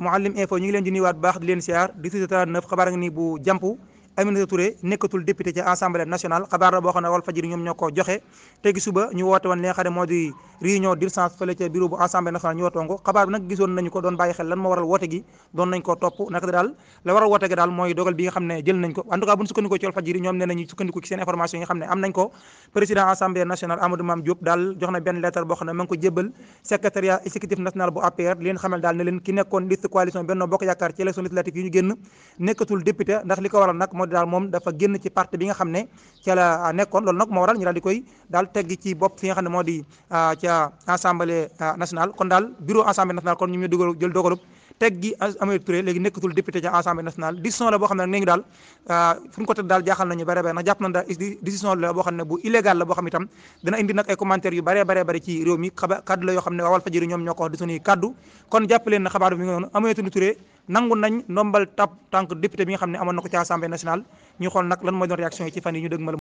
Mouhalim info ñu ngi leen di nuyuwaat bu baax di leen siyaar di tuuti 39 xabaar nga ni bu jàmp Aminata nekkatul député ca assemblée nationale xabaar la boo xam ne ñoom ñoo ko joxe tegi suba ñu woote woon li nga moo di réunion d'urgence fële ca bureau bu assemblée nationale ñu watoon xabaar bi nag gisoon nañu ko doon bàyyi xel lan moo waral woote gi doon nañ ko topp naka ko daal moom dafa génn ci parti bi nga xam ne ca nekkoon loolu nag moo waral ñu daal di koy daal tegg ci bopp fi nga xam ne moo di ah, assemblée nationale kon daal bureau assemblée nationale kon ñoom ñoo dugal jël dogalub teg gi Aminata Touré député ca assemblée nationale décision la boo xam ne bu illégal la boo xam itam dina indi nag ay commentaires yu bare bare bare ci réew mi kaddu la xam ne waa Walfadjri ñoom ñoo ko wax kaddu kon jàpp leen mi ngi noonu Aminata Touré nangu nañ ndombal tap tànk député bi xam ne amoon na ko ci assemblée ñu xool nag lan mooy doon réaction